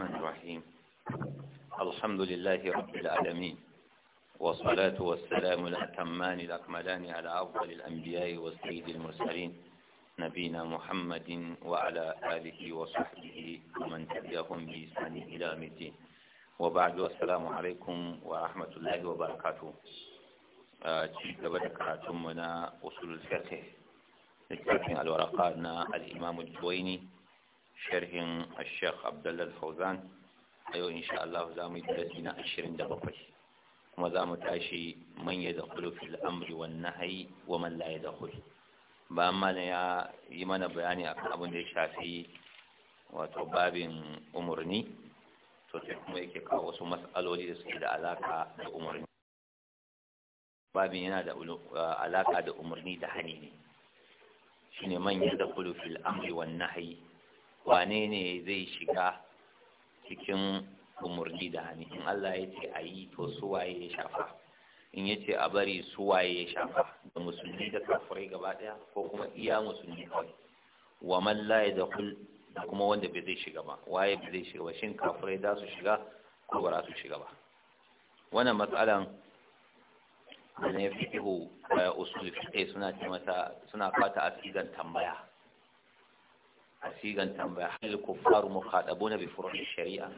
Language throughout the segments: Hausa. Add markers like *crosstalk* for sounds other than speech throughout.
الرحمن الرحيم الحمد لله رب العالمين والصلاة والسلام الأتمان الأكملان على أفضل الأنبياء والسيد المرسلين نبينا محمد وعلى آله وصحبه ومن تبعهم بإسان إلى مدين وبعد السلام عليكم ورحمة الله وبركاته تبدأ كراتمنا أصول الفقه لكتابنا الورقات الإمام الجويني sharhin Sheikh Abdullal Fauzan ayo insha Allah za mu yi darasi na 27 kuma za mu tashi manya da fil amri na nahyi wa man la yadkhul ba amma ya yi mana bayani akan abin da ya shafi wato babin umurni to sai kuma yake kawo wasu mas'aloli da suke da alaka da umurni babin yana da alaka da umarni da hani ne shi ne manyan da fil amri na nahi wane ne zai shiga cikin umarni da hannu in Allah ya ce a yi to suwaye ya shafa in ya ce a bari suwaye ya shafa da musulmi da kafirai gaba ɗaya ko kuma iya musulmi kawai wa man da kul da kuma wanda bai zai shiga ba waye bai zai shiga ba shin kafirai za su shiga ko ba za su shiga ba wannan matsalan da na fiqhu eh, usul fiqh suna ce mata suna fata asidan tambaya a sigan tambaya halil kuffaru mukhadabuna bi furu'i shari'a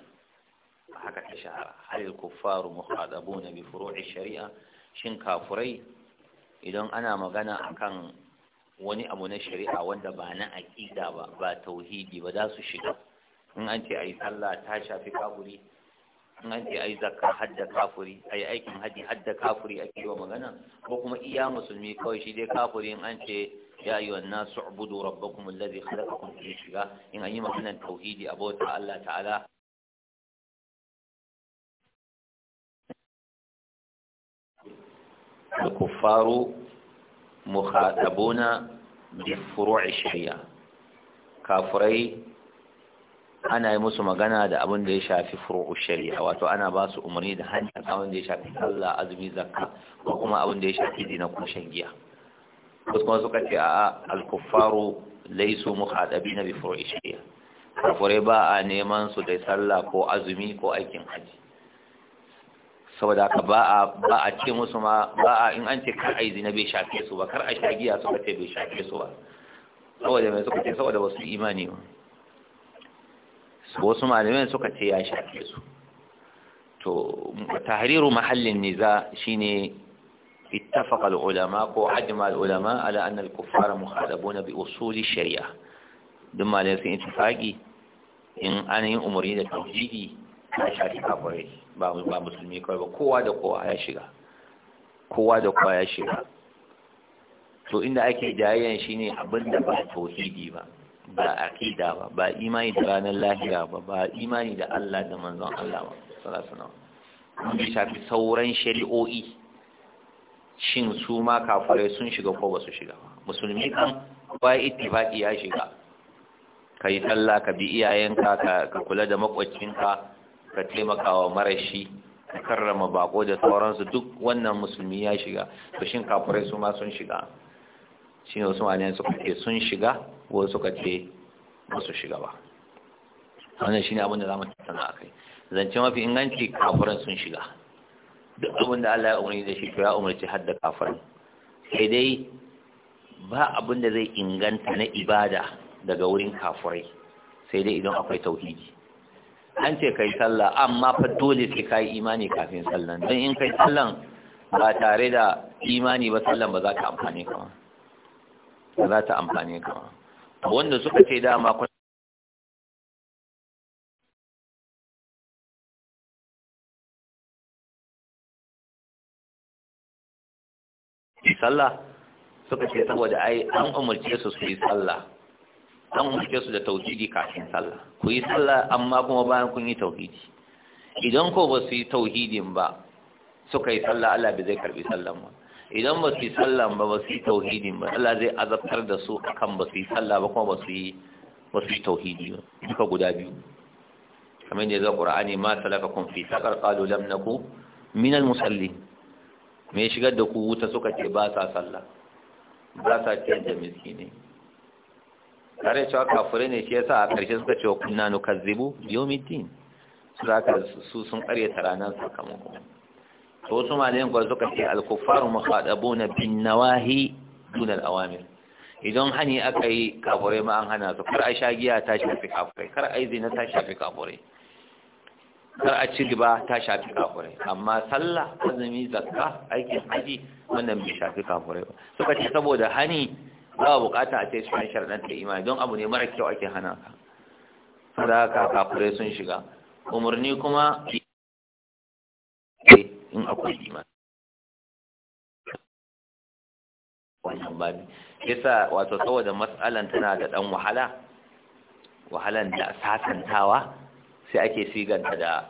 haka ta shahara kuffaru mukhadabuna bi furu'i shari'a shin kafurai idan ana magana akan wani abu na shari'a wanda ba na aqida ba ba tauhidi ba za su shiga in an ce ayi sallah ta shafi kafuri in an ce ayi zakka hadda kafuri aikin haji hadda kafuri ake yi wa magana ko kuma iya musulmi kawai shi dai kafuri in an ce ya ayyuha an-nasu ubudu rabbakum alladhi khalaqakum min shiga in an yi maganar tauhidi abota Allah ta'ala الكفار مخاطبون بفروع الشريعة كافري ana yi musu magana da abin da ya shafi furu'u shari'a wato ana ba su umarni da hanyar abin da ya shafi Allah, azumi zakka ko kuma abin da ya shafi dina ko shan giya kuma suka ce a alkufaru laisu muhadabi na bifuru ishiya kafurai ba a neman su da sallah ko azumi ko aikin haji saboda ka ba a ba a ce musu ma ba a in an ce kar aizi na bai shafe su ba kar a shagiya suka ce bai shafe su ba saboda mai suka ce saboda wasu imani ba wasu malamai suka ce ya shafe su to tahriru mahallin niza shine اتفق العلماء وعجم العلماء على أن الكفار مخالبون بأصول الشريعة دم على اتفاقي إن أنا أمري لتوجيدي ya shafi kafirai ba musulmi kawai ba kowa da kowa ya shiga kowa da kowa ya shiga to inda ake jayayyan shine abin da ba tauhidi ba ba aqida ba ba imani da ranar lahira ba ba imani da Allah da manzon Allah ba sallallahu alaihi wasallam shafi sauran shari'o'i shin su ma kafirai sun shiga ko ba su shiga musulmi kan ba ittifaqi ya shiga kai sallah ka bi iyayenka ka kula da makwacinka ka taimaka wa marashi ka karrama bako da sauransu duk wannan musulmi ya shiga to shin kafirai su ma sun shiga shine wasu malayan suka ce sun shiga ko suka ce ba su shiga ba wannan shine abin da zamu tattauna akai zance mafi inganci kafirai sun shiga duk abin da Allah ya umarni da shi to ya umarci har da sai dai ba abin da zai inganta na ibada daga wurin kafurai, sai dai idan akwai tauhidi an ce kai sallah amma fa dole sai kai imani kafin sallan don in kai sallan ba tare da imani ba sallan ba za ta amfane ka ba za ta amfane ka wanda suka ce dama kun sallah suka ce saboda ai an umarce su su yi sallah an umarce su da tauhidi kafin sallah ku yi sallah amma kuma bayan kun yi tauhidi idan ko ba su yi tauhidin ba suka yi sallah Allah bai zai karbi sallan ba idan ba su yi sallah ba ba su yi tauhidin ba Allah zai azabtar da su akan ba su yi sallah ba kuma ba su yi ba su yi tauhidi ba duka guda biyu kamar da ya zo Qur'ani ma kun fi saqar qalu lam naku min al-musallin mai shigar da ku wuta suka ce ba sa sallah ba sa ce da miski ne. tare cewa kafure ne shi yasa a ƙarshe suka ce wa kunna nukazzibu yawmiddin su ka su sun ƙaryata ranar sakamako to wasu malayan kwa suka ce alkufaru kuffaru na bin nawahi dunar awamir idan hani aka yi kafure ma an hana su kar a sha giya ta shafi kafure kar a yi zina ta shafi kafure kar a ci riba ta shafi kafurai amma sallah azumi zakka aikin haji wannan bai shafi kafurai ba suka ce saboda hani za a bukata a ce shi an sharɗanta imani don abu ne mara kyau ake hana ka saboda haka kafurai sun shiga umarni kuma in akwai imani wannan ne, yasa wato saboda matsalan tana da dan wahala wahalan da sasantawa sai ake siganta da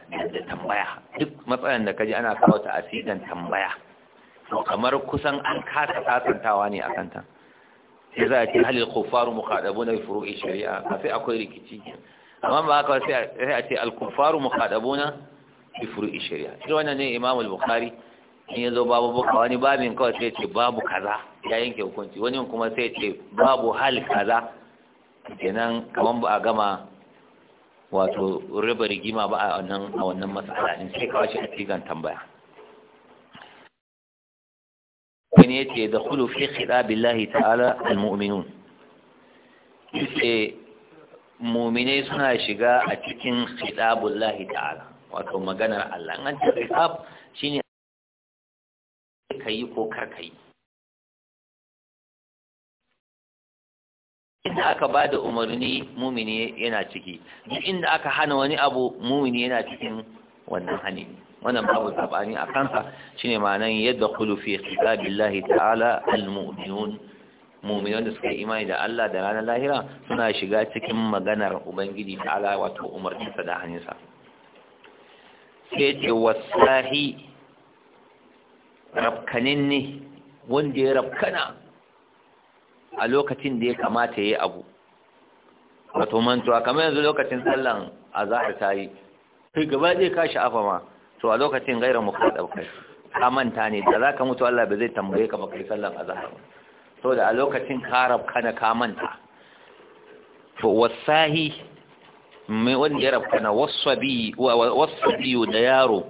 tambaya duk matsalan da kaji ana kawo ta a sigan tambaya to kamar kusan an kasa sasantawa ne akan ta sai za a ce halil kuffaru muqadabuna bi furu'i shari'a sai akwai rikici amma ba haka sai a ce al kuffaru muqadabuna bi furu'i shari'a shi wannan ne Imam al-Bukhari in yazo babu buka wani babin kawai sai ce babu kaza ya yanke hukunci wani kuma sai ce babu hal kaza kenan kaman ba a gama wato raba rigima ba a wannan matsala in sai kawai shi a cikin tambaya wani ya ce da kulu fi khida billahi ta'ala almu'minun yace mu'minai suna shiga a cikin khida billahi ta'ala wato maganar Allah an ta khidab shine kai ko karkai inda aka ba da umarni mumini yana ciki duk inda aka hana wani abu mumini yana cikin wannan hani wannan babu sabani a kansa shine ma'anan yadda khulu fi kitabillahi ta'ala almu'minun mu'minan da suka yi imani da Allah da ranar lahira suna shiga cikin maganar ubangiji ta'ala wato sa da sa sai ce wasahi rabkanin ne wanda ya rabkana a lokacin da ya kamata ya yi abu wato mantuwa kamar yanzu lokacin sallan a zahar ta yi Sai gaba zai kashi afa ma to a lokacin gaira ka ɗaukar ka manta ne da za ka mutu Allah ba zai tambaye ka baka yi sallan a zahar to da a lokacin karab kana ka manta to wasahi mai wani ya rabka na biyu da yaro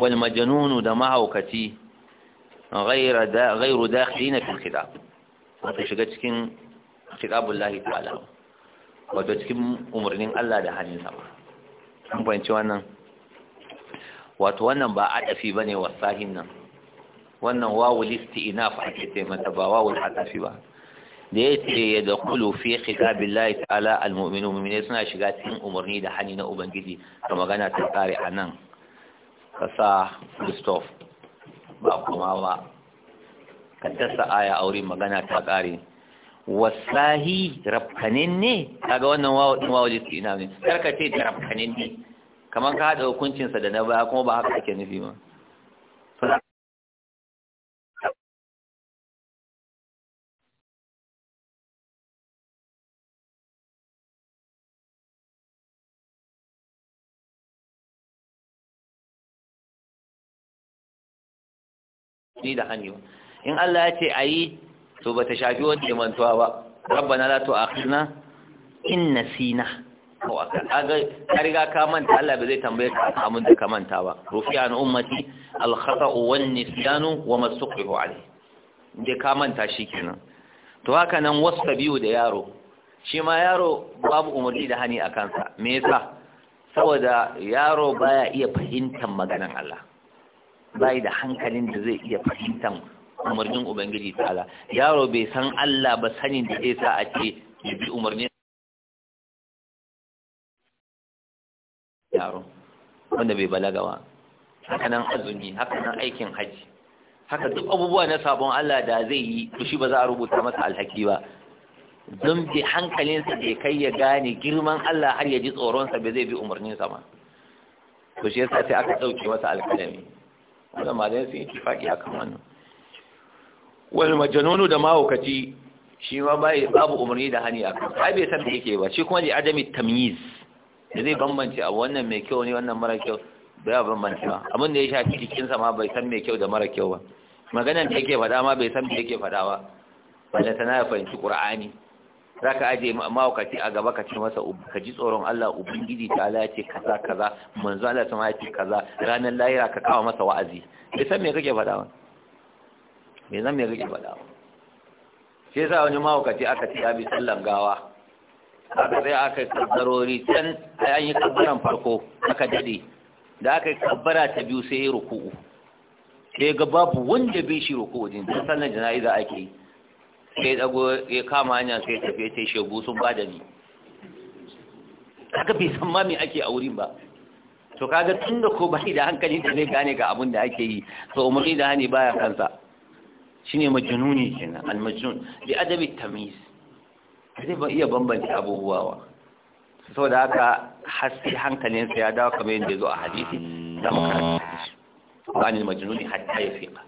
wani majanunu da mahaukaci غير دا غير داخلين في الخلاف wata shiga cikin kitabullahi ta'ala wato cikin umarnin Allah da hannun sama an fahimci wannan wato wannan ba a ne wa wasahin nan wannan wawu fa ake ce mata ba wawu ɗafi ba da ce ya Kulu fi kitabillahi ta'ala al-mu'minu mummine suna shiga cikin umarni da hannu na ubangiji ga magana ta tsare anan kasa Christophe ba kuma ba ka dasa aya wurin magana ta ƙare wasahi rafkanin ne kaga wannan wawo din su ina ne karka ce ta rafkanin ne kamar ka haɗa hukuncinsa da na baya kuma ba haka ake nufi ba ni da hannu in Allah ya ce a yi to ba ta shafi wanda ya ba rabbana la tu'akhidna in nasina ka riga ka manta Allah ba zai tambaye ka da ka manta ba rufi'a an ummati al wan nisyanu wa masuqihu Ali. je ka manta shikenan to haka nan wasta biyu da yaro shi ma yaro babu umarni da hani a kansa me yasa saboda yaro baya iya fahimtar maganan Allah bai da hankalin da zai iya fahimtar umarnin ubangiji ta'ala yaro bai san Allah ba sanin da ya sa a ce ya bi umarnin yaro wanda bai balaga ba haka nan azumi haka nan aikin haji haka duk abubuwa na sabon Allah da zai yi shi ba za a rubuta masa alhaki ba don bi hankalinsa da kai ya gane girman Allah har ya ji tsoronsa bai zai bi umarninsa ma to shi yasa sai aka ɗauke masa alkalami wannan malamai sun yi kifaki akan wannan wani nono da mahaukaci shi ma bai babu umarni da hani a kan ai bai san da yake ba shi kuma ne adami tamyiz da zai bambance a wannan mai kyau ne wannan mara kyau bai ya bambance ba abin da ya shafi cikin sa ma bai san mai kyau da mara kyau ba maganan da yake faɗa ma bai san da yake faɗa ba balle tana ya fahimci qur'ani zaka aje mahaukaci a gaba ka ce masa ka ji tsoron Allah ubangiji ta Allah ya ce kaza kaza manzo Allah ta ma ya ce kaza ranar lahira ka kawo masa wa'azi bai san me kake faɗa ba me zan mai rike faɗa shi yasa wani mahaukaci aka ci ya sallan gawa aka sai aka yi kabbarori can an yi kabbaran farko aka dade da aka yi kabbara ta biyu sai ya ruku'u sai ga babu wanda bai shi ruku'u din don sallan jana'iza ake yi sai dago ya kama hanya sai ya tafi ta shegu sun bada ni aka bai san ma me ake a wurin ba to kaga da ko bai da hankali da zai gane ga abin da ake yi so umarni da hani baya kansa shine majnuni kenan almajnun. majnun bi adabi tamyiz zai ba iya bambanci abubuwa wa saboda haka haske sa ya dawo kamar yadda zo a hadisi da makaranta bani majnuni hatta ya fiqa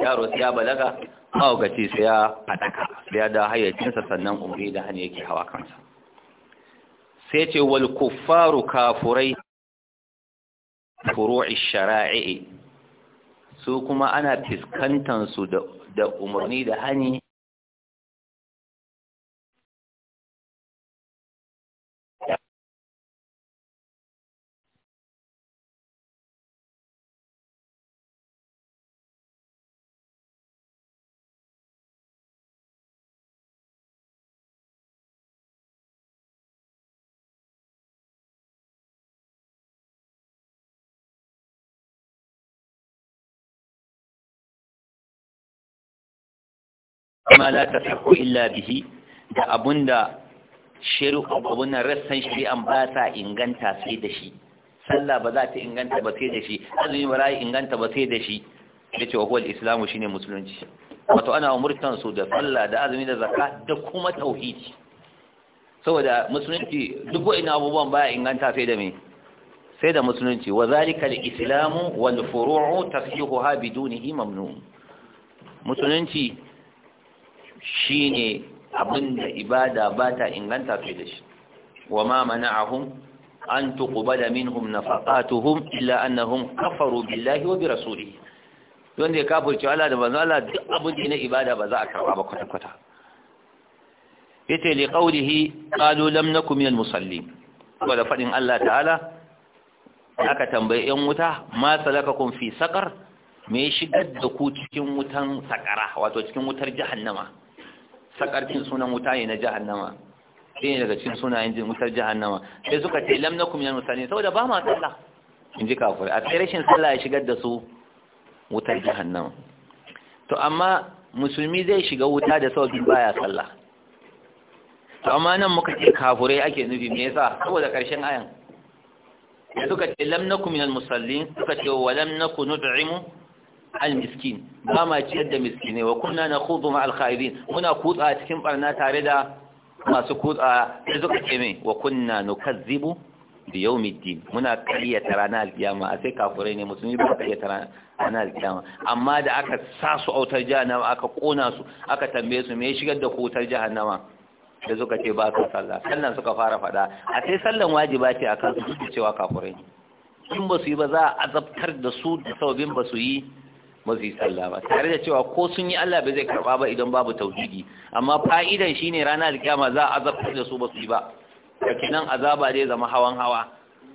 yaro sai ya balaga mahaukaci sai ya fadaka sai ya da hayyacinsa sannan umri da hannu yake hawa kansa sai ce wal kuffaru kafurai furu'i shara'i su kuma ana fiskantansu da umarni da hani ma la tasihhu illa bihi da abunda shiru abun nan rassan shari'an ba ta inganta sai da shi sallah ba za ta inganta ba sai da shi azumi ba za ta inganta ba sai da shi yace wa huwal islamu shine musulunci wato ana umurtan su da sallah da azumi da zakka da kuma tauhidi saboda musulunci duk wa'ina abubuwan ya inganta sai da me sai da musulunci wa zalika al-islamu wal furu'u tafsihuha bidunihi mamnun musulunci shine abinda ibada ba ta inganta fi da shi wa ma mana'ahum an tuqbala minhum nafaqatuhum illa annahum kafaru billahi wa bi rasulihi wanda ya kafirce Allah da manzo Allah duk abin na ibada ba za a karba ba kwata kwata yace li qawlihi qalu lam nakum minal musallin wala fadin Allah ta'ala aka tambaye yan wuta ma salakakum fi saqar me shigar da ku cikin wutan sakara wato cikin wutar jahannama sakarfin sunan wuta ne na jahannama shi ne daga cikin sunayen jin wutar jahannama sai suka ce lamna kuma yan musallin saboda ba ma sallah in ji kafir a sai rashin sallah ya shigar da su wutar jahannama to amma musulmi zai shiga wuta da sauƙin baya sallah to amma nan muka ce kafurai ake nufi me yasa saboda ƙarshen ayan suka ce lamna kuma minal musallin suka ce wa lamna ku nud'imu al-miskin ba ma ciyar da miskinai wa kunna nakhudu ma al-khaibin muna kutsa cikin barna tare da masu kutsa da zuka ce wa kunna nukazzibu bi yawmiddin muna ƙaryata ranar alkiyama a sai kafurai ne musulmi ba tarana ranar qiyama amma da aka sa su autar jahannama aka kona su aka tambaye su me ya shigar da kutar jahannama da zuka ce ba ka sallah sannan suka fara faɗa a sai sallan wajiba ce akan su cewa kafurai ne in ba su yi ba za a azabtar da su da sababin ba su yi ba su yi sallah ba tare da cewa ko sun yi Allah ba zai karba ba idan babu tauhidi amma fa'idan shine ranar alkiyama za a azabtar da su ba su yi ba kenan azaba dai zama hawan hawa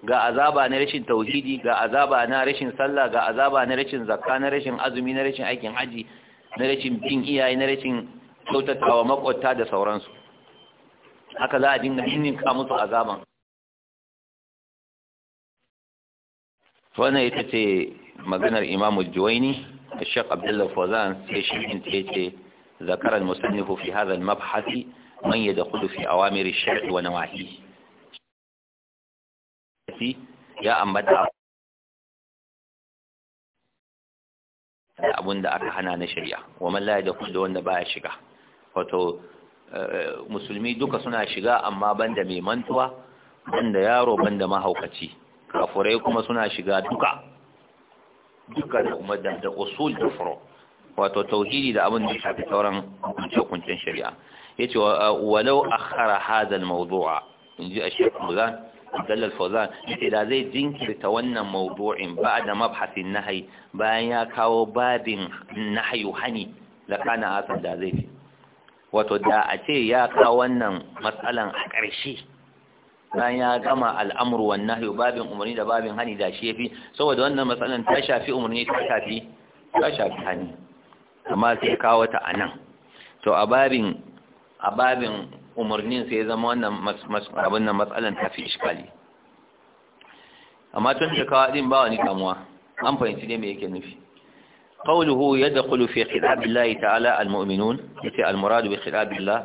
ga azaba na rashin tauhidi ga azaba na rashin sallah ga azaba na rashin zakka na rashin azumi na rashin aikin haji na rashin bin iyaye na rashin kyautatawa makwabta da sauransu haka za a dinga ka musu azaban wannan ita ce maganar imamu juwaini الشيخ عبد الله فوزان سيشين تيتي ذكر المصنف في هذا المبحث من يدخل في أوامر الشرع ونواهيه يا أم abun da aka hana na shari'a wa man da yadkhul wanda ba ya shiga wato eh, musulmi duka suna shiga amma banda mai mantuwa banda yaro banda mahaukaci kafurai kuma suna shiga duka duka da da usul da furo wato tauhidi da abin da shafi sauran hukuncin shari'a ce walau akhara hadha al-mawdu'a inji Sheikh Muzan Abdullah Al-Fawzan yace da zai jinkirta wannan mawdu'in ba'da mabhasin nahyi bayan ya kawo babin nahyu hani da kana asan da zai fi wato da a ce ya kawo wannan matsalan a ƙarshe bayan ya gama al'amru wan nahyu babin umarni da babin hani da shi ya fi saboda wannan matsalan ta shafi umarni ta shafi hani amma sai kawo ta anan to a babin a babin umarnin sai ya zama wannan matsalan ta fi iskali amma tun da kawo din ba wani kamuwa an fahimci ne me yake nufi قوله يدخل في خطاب الله تعالى المؤمنون المراد بخطاب الله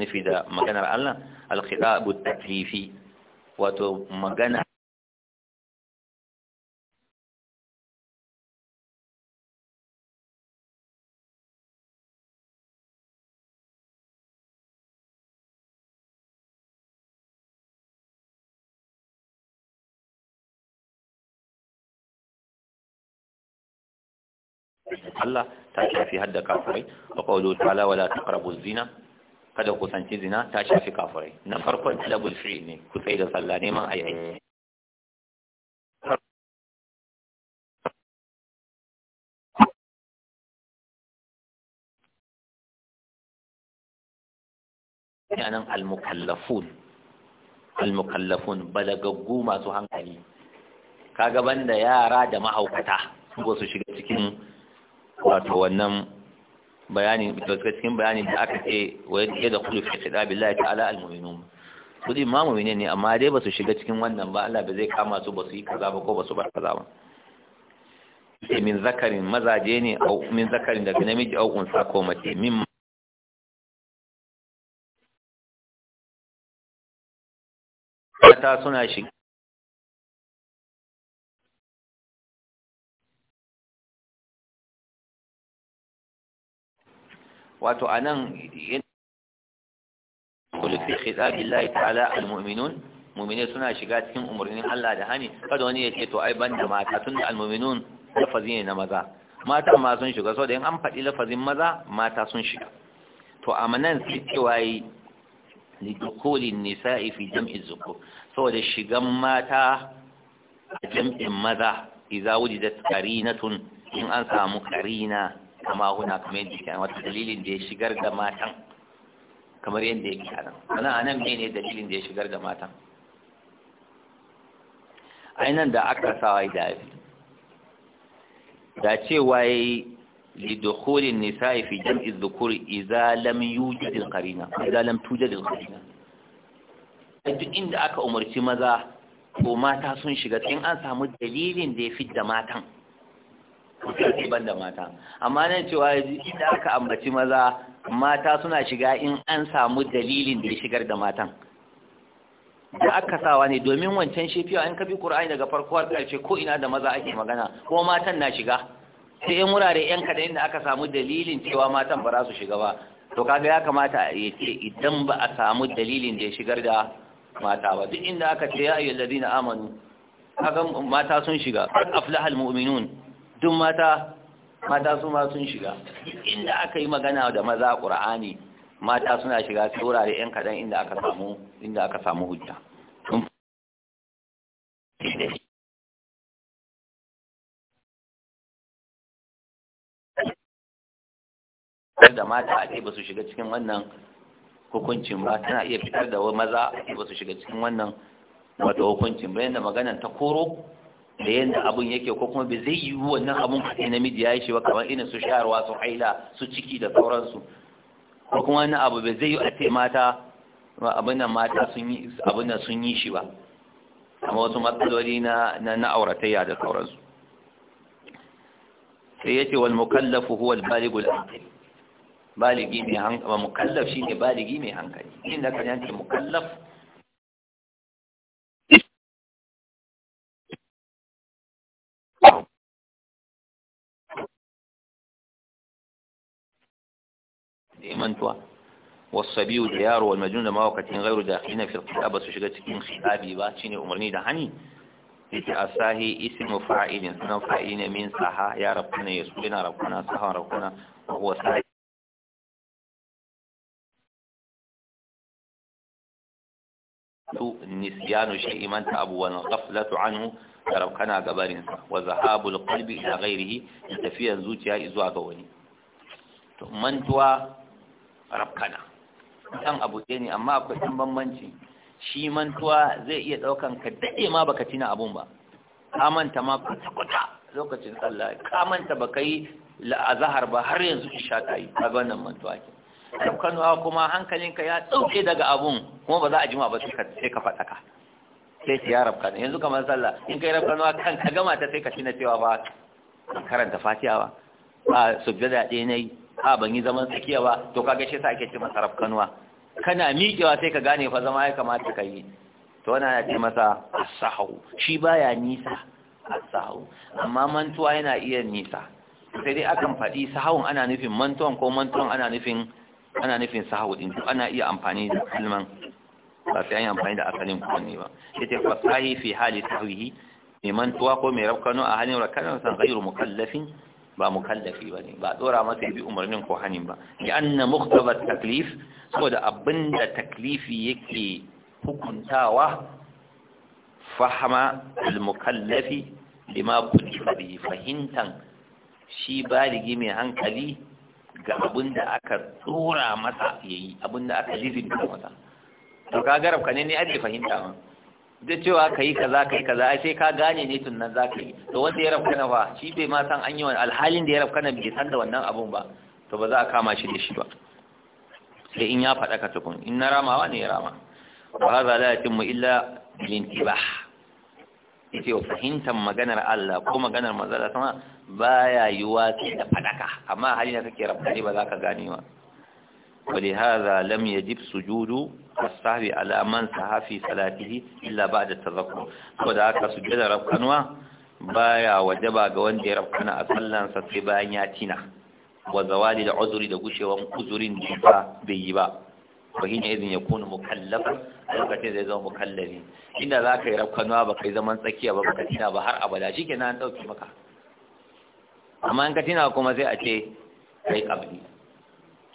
نفيد مكان الله الخطاب التكليفي wato magana Allah ta shafi hadda kafirai wa qawlu ta'ala wala taqrabu zina kada ku sanci zina ta shafi kafirai na farkon talabul fi ne ku da sallah neman ayyai yanan al-mukallafun al-mukallafun balagaggu masu hankali kaga banda yara da mahaukata su shiga cikin wato wannan bayani da suka cikin bayani da aka ce wa yadda da kullu fi shida billahi ta'ala almu'minun su din ma mu'mine ne amma dai ba su shiga cikin wannan ba Allah ba zai kama su ba su yi kaza ba ko ba su bar kaza ba min zakarin mazaje ne au min zakarin daga namiji au unsa ko mace min ta suna shiga wato anan kullu fi khitabillahi ta'ala almu'minun mu'mine suna shiga cikin umurnin Allah da hani kada wani ya ce to ai banda mata tunda almu'minun lafazi ne na maza mata ma sun shiga saboda in an faɗi lafazin maza mata sun shiga to amanan sai cewa yi lidukulin nisa'i fi jam'in zukur saboda shigan mata a jam'in maza iza wujidat karinatun in an samu karina kama huna kamar yadda yake wata dalilin da ya shigar da matan kamar yadda yake a nan sannan a nan ne dalilin da ya shigar da matan ainihin da aka sawa da yafi da cewa ya yi lidokolin nisa'i fi jam'i zukuri izalam yujadil karina izalam tujadil karina a duk inda aka umarci maza ko mata sun shiga cikin an samu dalilin da ya fi da matan kusurci ban da mata amma nan cewa inda aka ambaci maza mata suna shiga in an samu dalilin da ya shigar da matan da aka sawa ne domin wancan In an bi ƙura'ani daga farkowar ƙarshe ko ina da maza ake magana ko matan na shiga sai yan wurare yan kaɗan inda aka samu dalilin cewa matan ba za su shiga ba to kaga ya kamata a yi ce idan ba a samu dalilin da ya shigar da mata ba duk inda aka ce ya ayyul ladina amanu kaga mata sun shiga aflahal mu'minun duk mata mata su ma sun shiga inda aka yi magana da maza ƙura'ani mata suna shiga saurare 'yan kaɗan inda aka samu inda aka samu hujja da mata a ce ba su shiga cikin wannan hukuncin ba tana iya fitar da maza a ce ba su shiga cikin wannan wato hukuncin bayan da maganan ta koro da yadda abun yake ko kuma bai zai yi wannan abun kaɗai namiji ya yi shi ba kamar ina su shayarwa su haila su ciki da sauransu ko kuma wani abu bai zai yi a ce mata abin mata sun yi abin sun yi shi ba amma wasu matsaloli na na auratayya da sauransu sai yace wal mukallafu huwa al baligul baligi mai hankali mukallaf shine baligi mai hankali inda kan yanke mukallaf sai mantuwa da yaro wal majnun da mawakatin ghairu dakhilina fi al ba su shiga cikin khidabi ba shine umarni da hani yake asahi ismu fa'ilin sunan fa'ilin min saha ya rabbuna yasu ina rabbuna saha rabbuna wa huwa sahi نسيان شيء من تعب والغفلة عنه ربكنا قبارين وذهاب القلب إلى غيره تفيا زوجها إزوا قواني من توا rafkana kan abu ɗaya ne amma akwai ɗan bambanci shi mantuwa zai iya ɗaukan ka daɗe ma baka tina abun ba ka manta ma kwata-kwata lokacin sallah ka manta ka yi la'azahar ba har yanzu sha ta yi ka wannan mantuwa ke rafkanuwa kuma hankalinka ya ɗauke daga abun kuma ba za a jima ba sai ka ka. sai ta ya rabka yanzu kamar sallah in kai rabkanuwa kan ka gama ta sai ka shi na cewa ba karanta fatiha ba a sujjada ɗaya na yi a ban yi zaman tsakiya ba to kaga shi sa ake ce masa rafkanuwa kana miƙewa sai ka gane fa zama ya kamata ka yi to wannan ana ce masa asahu shi baya nisa asahu amma mantuwa yana iya nisa sai dai akan faɗi sahun ana nufin mantuwan ko mantuwan ana nufin ana nufin sahu din ana iya amfani da kalman ba sai an yi amfani da asalin kowanne ba yace sahi fi hali tahwihi mai mantuwa ko mai rafkano a halin rakanar san ghairu mukallafin ba mukallafi ba ne ba tsora masa ya bi umarnin ko hanin ba ya anna muktabar taklif saboda abinda taklifi yake hukuntawa fahama al-mukallafi lima kullifa bihi fahimtan shi baligi mai hankali ga abinda aka tsora masa yayi abinda aka lizinta masa to ka garabka ne ne ake fahimta ma da cewa ka yi kaza ka yi kaza ai sai ka gane ne tun nan za ka yi to wanda ya na ba shi bai ma san an yi wani alhalin da ya na bai san da wannan abun ba to ba za a kama shi da shi ba sai in ya faɗa ka tukun in na ramawa ne ya rama wa hadha la mu illa bil intibah yau fahimtar maganar Allah ko maganar manzala sama ya yi sai da faɗaka amma hali na kake ne ba za ka gane ba ولهذا لم يجب سجود الصحب على من سها Ko da إلا بعد التذكر وذاك Ba ya waje ba ga wanda ya rabkana a sallansa sai bayan ya tina wa zawali da uzuri da gushewan uzurin da bai yi ba Ba ya hina idin yakunu mukallafa lokacin zai zama mukallafi inda za ka yi rabkanwa ba kai zaman tsakiya ba ka tina ba har abada na an dauke maka amma in ka tina kuma sai a ce kai kabli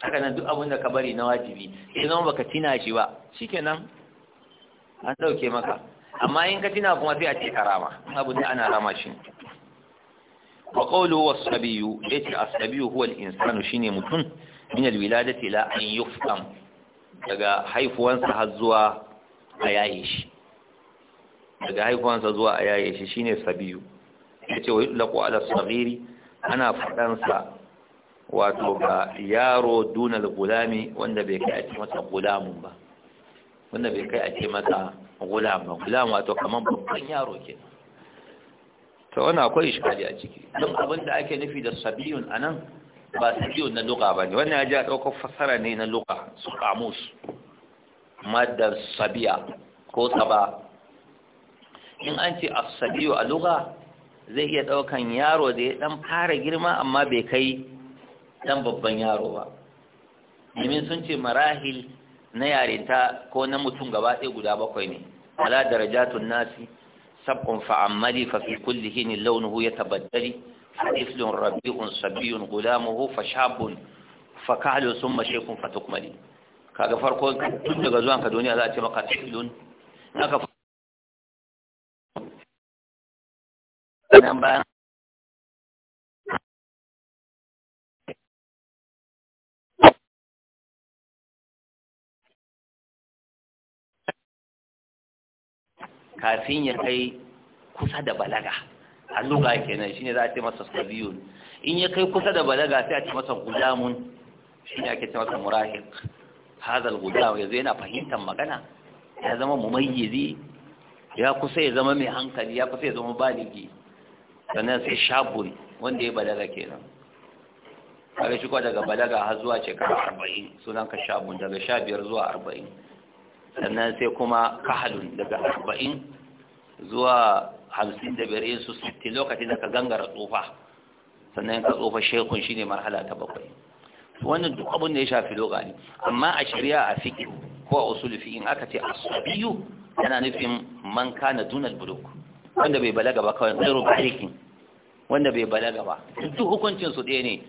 haka nan duk abin da ka bari na wajibi zama baka tina shi ba shikenan an dauke maka amma in ka tina kuma sai a ce karama abu ne ana rama shi wa qawlu was-sabiyyu yati as-sabiyyu huwa al-insanu shine mutum min al-wiladati la an yuftam daga haifuwansa har zuwa a yaye shi daga haifuwansa zuwa a yaye shi shine sabiyu yace wa yulqu ala as-saghiri ana sa. wato ga yaro da gulami wanda bai kai a ce masa gulamun ba wanda bai kai a ce masa gulam ba gulam wato kamar babban yaro ke ta wani akwai ishkali a ciki don abin da ake nufi da sabiyun a nan ba sabiyun na luka ba ne wannan ya ji a ɗaukar fasara ne na luka su kamus madar sabiya ko saba in an ce a Sabiyu a luka zai iya ɗaukan yaro da ya ɗan fara girma amma bai kai dan babban yaro ba domin sun ce marahil na yarinta ko na mutum gaba ɗaya guda bakwai ne ala darajatun nasi sab'un fa'amali fa fi kulli hinin launuhu ya tabaddali fa iflun rabi'un sabiyun gulamuhu fa shabun fa kahlun summa shaykhun fa tukmali kaga farko tun daga zuwan ka duniya za a ce maka iflun naka nan bayan kafin ya kai kusa da balaga a luga kenan shine za a ce masa sabiyun in ya kai kusa da balaga sai a ce masa gudamun shine ake ce masa murahiq hadal gudam yanzu yana fahimtar magana ya zama mumayyizi ya kusa ya zama mai hankali ya kusa ya zama baligi sannan sai shabun wanda ya balaga kenan kaga shi daga balaga har zuwa shekara arba'in sunan ka shabun daga sha biyar zuwa arba'in sannan sai kuma kahalun daga arba'in zuwa hamsin da biyar su sittin lokacin da ka gangara tsufa sannan ka tsofa shekun shi ne marhala ta bakwai wannan duk abin da ya shafi loga ne amma a shari'a a fiki ko a usul fi in aka ce a biyu yana nufin man kana dunal buluk wanda bai balaga ba kawai tsaro aikin wanda bai balaga ba duk hukuncin su ɗaya ne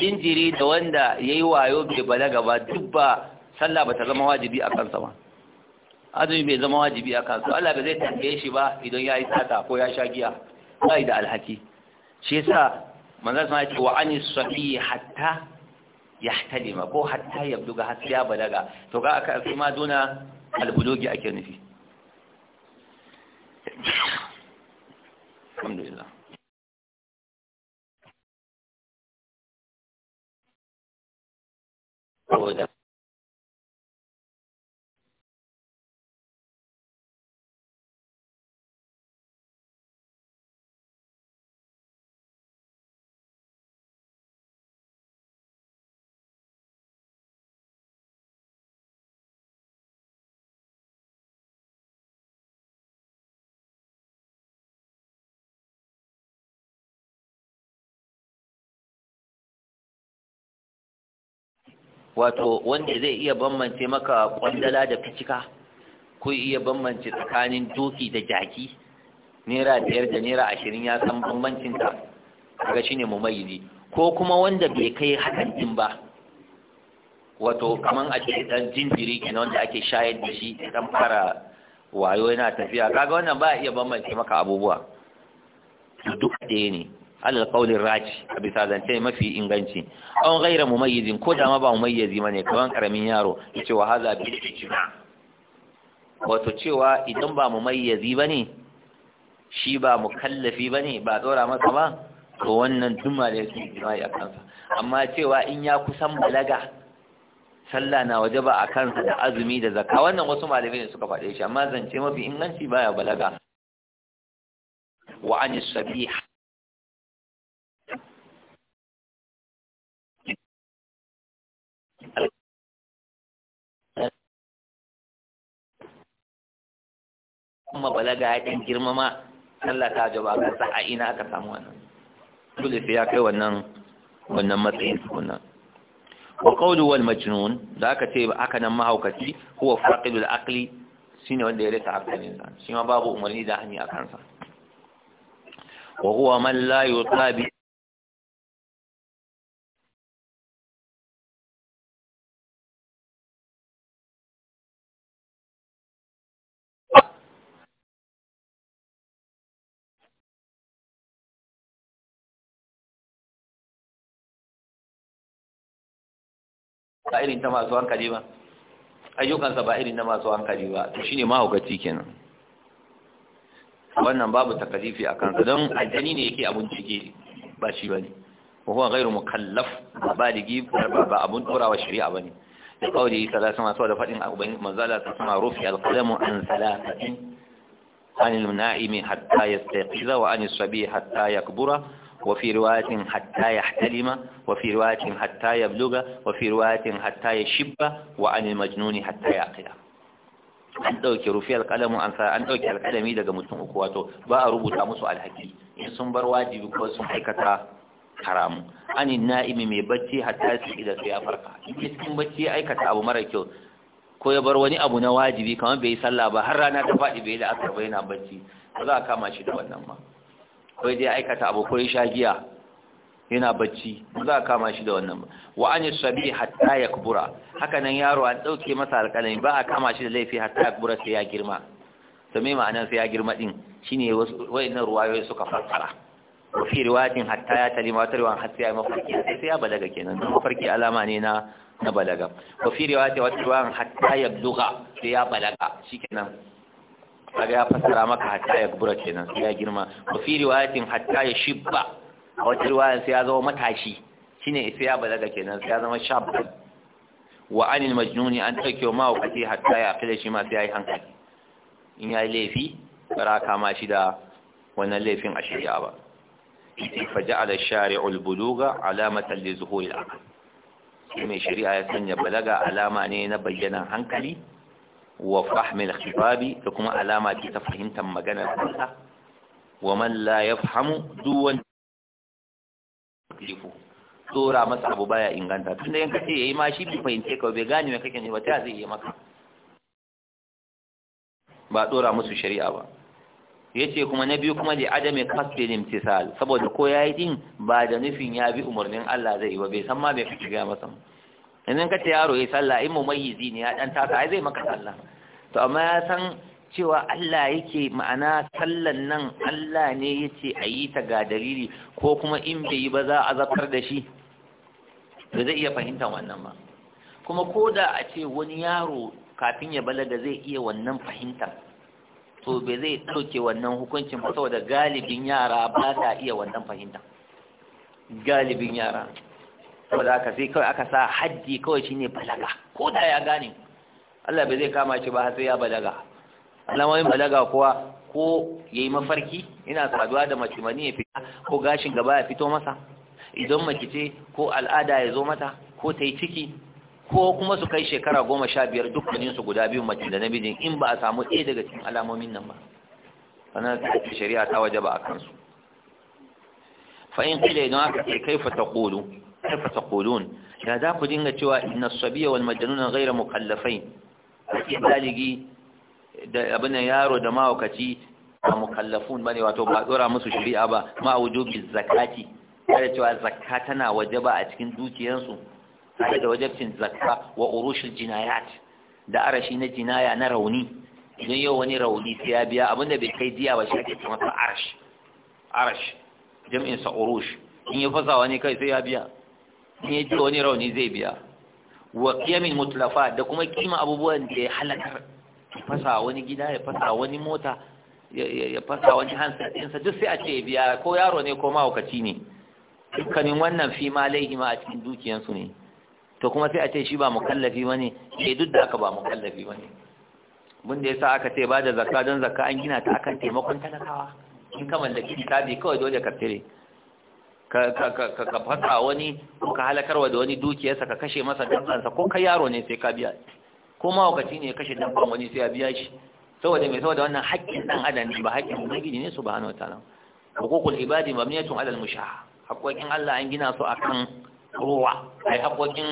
jinjiri da wanda ya yi wayo bai balaga ba duk ba sallah ba ta zama wajibi a kansa ba azumi bai zama wajibi a kansu Allah bai zai tambaye shi ba idan ya yi sata ko ya sha giya ba da alhaki shi yasa manzo sama ya ce wa ani sahi hatta yahtalima ko hatta ya yabluga ya balaga to ga aka fi ma duna albulugi ake nufi alhamdulillah wato wanda zai iya bambance maka kwandala da ficika ko iya bambance tsakanin doki da jaki Nera biyar da nera ashirin ya san bambancin ta kaga shine mumayyizi ko kuma wanda bai kai hakan din ba wato kaman a ce dan jinjiri kenan wanda ake shayar da shi dan fara wayo yana tafiya kaga wannan ba iya bambance maka abubuwa duk ɗaya ne ala qawlir raci a bisa zance mafi inganci gaira mu mumayyizin ko da ma ba mumayyizi ne kaman karamin yaro ya wa hadha bil ijma wato cewa idan ba mu ba bane shi ba mu bane ba tsora masa ba to wannan duma da yake ijma'i a kansa amma cewa in ya kusan balaga sallah na waje ba a kansa da azumi da zakka wannan wasu malamai ne suka faɗe shi amma zance mafi inganci baya balaga wa anis sabiha kuma balaga ya ɗan girmama Allah ta jaba ga sa a ina aka samu wannan dole sai ya kai wannan wannan matsayin tukunna wa qawlu wal majnun da aka ce aka nan mahaukaci huwa faqidul aqli shine wanda ya rasa hankalin sa shi ma babu umarni da hani a kansa wa huwa man la yutabi ba irin ta masu hankali ba ayyukansa ba irin na masu hankali ba to shine mahaukaci kenan wannan babu takalifi a kansa don aljani ne yake abun cike ba shi bane wa huwa ghairu mukallaf ba baligi ba abun turawa shari'a ne. da kauli sallallahu alaihi wasallam da fadin ubayin manzala ta suna rufi alqalamu an salatin an al-na'imi hatta yastaqiza wa an as-sabi hatta yakbura وفي رواية حتى يحتلم وفي رواية حتى يبلغ وفي رواية حتى يشب وعن المجنون حتى يعقل an ɗauke rufi alƙalamin an an ɗauke alƙalami daga mutum uku wato ba a rubuta musu alhaki in sun bar wajibi ko sun aikata haramu ani na'imi mai bacci hatta su ida su ya farka in cikin bacci ya aikata abu mara kyau ko ya bar wani abu na wajibi kamar bai yi sallah ba har rana ta faɗi bai da asar bai na bacci ba za a kama shi da wannan ma ko dai aikata abu ko sha giya yana bacci za a kama shi da wannan ba wa an yashrabi hatta yakbura haka nan yaro an dauke masa alƙalami ba a kama shi da laifi hatta yakbura sai ya girma to me ma'anar sai ya girma din shine wayannan ruwayoyi suka fassara fi riwayatin hatta ya talima wata riwayan hatta ya mafarki sai ya balaga kenan mafarki alama ne na na balaga wa fi riwayatin wata riwayan hatta ya bluga sai ya balaga shikenan kaga ya fassara maka hatta ya kubura kenan sai ya girma wa fi riwayatin hatta ya shibba a wata riwayan sai ya zama matashi shine sai ya balaga kenan sai ya zama shab wa anil majnuni an take ma wakati hatta ya akila shi ma sai ya yi hankali in ya yi laifi bara kama shi da wannan laifin a shirya ba fa shari'ul buluga alamata علامة لظهور العقل mai shari'a ya sanya balaga alama ne na bayyanan hankali wa fahmi al da kuma alama ce ta fahimtar maganar kansa wa man la yafhamu duk wanda yaklifu tsora masa abu baya inganta tun da yanka ce yayi ma shi bai fahimce ka bai gane me kake ne ba ta zai yi maka ba dora musu shari'a ba Ya ce kuma na biyu kuma da adami kasbil imtisal saboda ko ya yi din ba da nufin ya bi umarnin Allah zai yi ba bai san ma bai fice ga masa in ka ce yaro ya sallah in mu mumayyizi ne ya dan taka ai zai maka sallah to amma ya san cewa Allah yake ma'ana sallan nan Allah ne yace a yi ta ga dalili ko kuma in bai yi ba za a zafar da shi ba zai iya fahimtar wannan ba kuma ko da a ce wani yaro kafin ya balaga zai iya wannan fahimtar to ba zai ɗauke wannan hukuncin ba saboda galibin yara ba ta iya wannan fahimtar galibin yara saboda aka sai kawai aka sa haddi kawai shine balaga ko da ya gane Allah bai zai kama shi ba sai ya balaga alamomin balaga kuwa ko yi mafarki ina saduwa da mace ya fita ko gashin gaba ya fito masa idan mace ce ko al'ada ya zo mata ko ta yi ciki ko kuma su kai shekara goma sha biyar dukkaninsu guda biyu mace da namijin in ba a samu ɗaya daga cikin alamomin nan ba sannan ta shari'a ta waje ba a kansu in kila idan aka ce kaifa ta kodo. kaifa taqulun ya za ku dinga cewa inna sabiya wal majnuna ghayra mukallafain ake baligi da abin yaro da mawakaci ba mukallafun bane wato ba tsora musu shari'a ba ma wujubi zakati kada cewa zakka tana wajaba a cikin dukiyansu tare da wajabcin zakka wa urushul jinayat da arashi na jinaya na rauni idan yau wani rauni sai ya biya abinda bai kai diya ba shi ake ce masa arash arash jam'in sa urush in ya fasa wani kai sai ya biya in ya ji wani rauni zai biya wa kiyamin mutulafa da kuma kima abubuwan da ya halakar fasa wani gida ya fasa wani mota ya fasa wani hansa duk sai a ce biya ko yaro ne ko mawakaci ne dukkanin wannan fi ma laihi ma a cikin dukiyansu ne to kuma sai a ce shi ba mukallafi ba ne ke eh, duk da aka ba mukallafi ba ne mun da yasa aka ce ba da zakka don zakka an gina ta akan taimakon talakawa in ka mallaki kitabi kawai dole ka fire ka ka fasa wani ko ka halakarwa da wani dukiyarsa ka kashe masa dabbansa ko ka yaro ne sai ka biya ko mawakaci ne ya kashe dabban wani sai ya biya shi saboda mai saboda wannan haƙƙin ɗan adam ba haƙƙin ubangiji ne subhanahu wataala hukukul ibadi mabniyatun ala al-mushaha haƙoƙin Allah an gina su akan ruwa ai haƙoƙin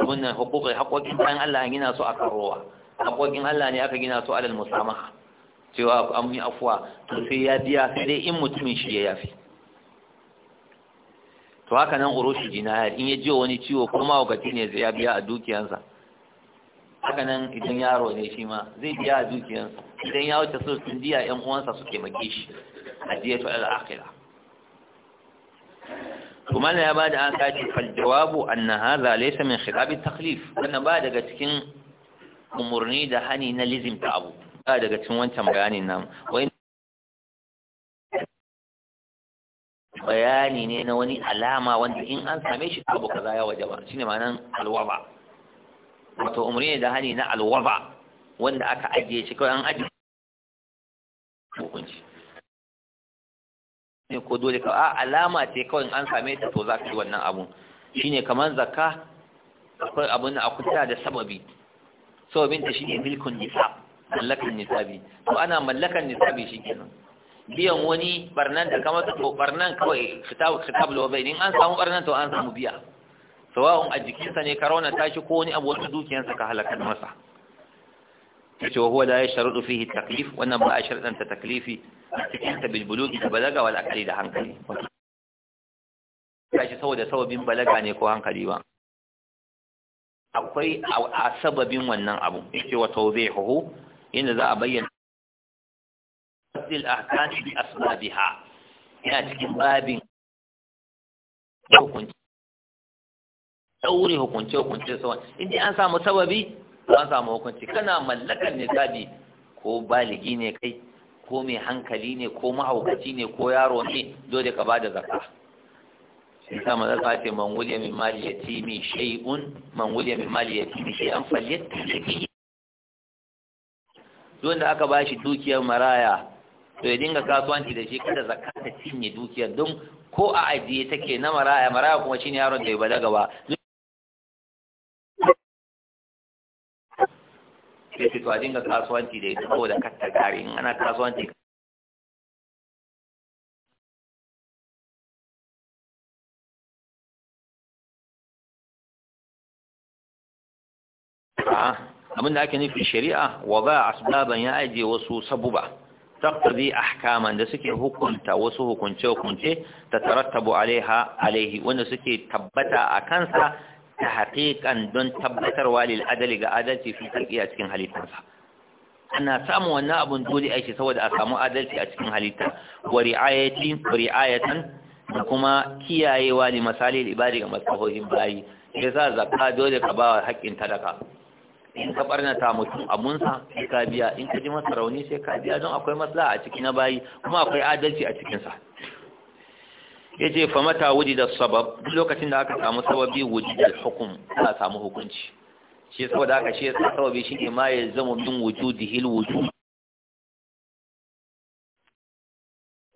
abun nan hukukul haƙoƙin ɗan Allah an gina su akan ruwa haƙoƙin Allah ne aka gina su ala al cewa an yi afuwa to sai ya biya sai dai in mutumin shi ya yafi to haka nan urushi jinayar in ya jiwa wani ciwo ko wakati ne zai ya biya a dukiyansa haka nan idan yaro ne shi ma zai biya a dukiyansa idan ya wuce so sun diya yan uwansa su taimake shi a ta ala akhirah kuma na ya bada an kaci fal jawabu anna hadha laysa min khilab at-taklif wannan ba daga cikin umurni da hani na lizim ta abu ba daga cikin wancan bayanin nan wai bayani ne na wani alama wanda in an same shi abu kaza ya waje ba shine ma'anan alwaba wato umri ne da hani na alwaba wanda aka ajiye shi kawai an ajiye hukunci ne ko dole ka a alama ce kawai an same ta to za ka yi wannan abu shine kamar zakka akwai abun da akwai da sababi sababin ta shine milkun nisa mallakan nisabi to ana mallakan nisabi kenan. biyan wani barnan da kama to barnan kawai kitabu kitab lobai in an samu barnan to an samu biya sawa'un a jikinsa ne karona tashi ko wani abu wata dukiyansa ka halakar masa yace wa huwa la yashrudu fihi taklif wannan ba a sharadan ta taklifi cikin ta bil bulugi da balaga wal akali da hankali kashi saboda sababin balaga ne ko hankali ba akwai a sababin wannan abu yace wa tawbihuhu inda za a bayyana fasl al-ahkam bi asbabiha yana cikin babin hukunci daure hukunce hukunce sawan in an samu sababi to an samu hukunci kana mallakar nisabi ko baligi ne kai ko mai hankali ne ko mahaukaci ne ko yaro ne dole ka bada zakka shi sa maza ta ce man wuliya min mali min shay'un man wuliya min mali yatimi shay'an falyattaqi don da aka bashi dukiyar maraya to ya dinga kasuwanci da shi kada zakka ta cinye dukiyar don ko a ajiye take na maraya maraya kuma shine yaron da ya balaga ba sai to a dinga kasuwanci da ita da katta gari in ana kasuwanci abin da ake nufin shari'a wa ba asbaban ya ajiye wasu sabuba taqtadi ahkaman da suke hukunta wasu hukunce hukunce ta tarattabu alaiha alaihi wanda suke tabbata a kansa ta haƙiƙan don tabbatarwa lil adali ga adalci fi tarki a cikin halittarsa ana samu wannan abun dole a shi saboda a samu adalci a cikin halitta wa ri'ayati ri'ayatan da kuma kiyayewa li masalil ibadi ga masahohin bayi sai za zakka dole ka ba haƙƙin talaka in ka barnata mutum abunsa sai ka biya in ka ji masa rauni sai ka biya don akwai maslaha a ciki na bayi kuma akwai adalci a cikinsa ya ce fa mata wuji da sabab duk lokacin da aka samu sababi wuji da hukum za a samu hukunci shi saboda aka shi ya sababi shi ne ma ya zama min hil wuju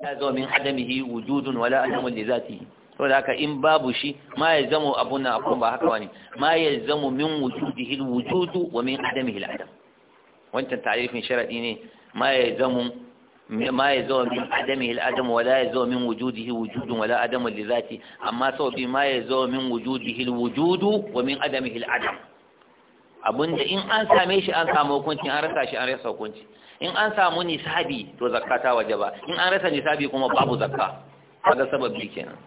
ya zama min adamihi wujudun wala adamun li zatihi saboda haka in babu shi ma ya zamo abun nan abun ba haka wani, ma ya zamo min wujudihi wujudu wa min adamihi adam wancan ta'rifin sharadi ne ma ya zamo ma ya zama min adamihi adam wala ya zama min wujudihi wujudu wala adamu li zati amma sau bi ma ya zama min wujudihi wujudu wa min adamihi adam abinda in an same shi an samu hukunci an rasa shi an rasa hukunci in an samu nisabi to zakka ta waje ba in an rasa nisabi kuma babu zakka kaga sababi kenan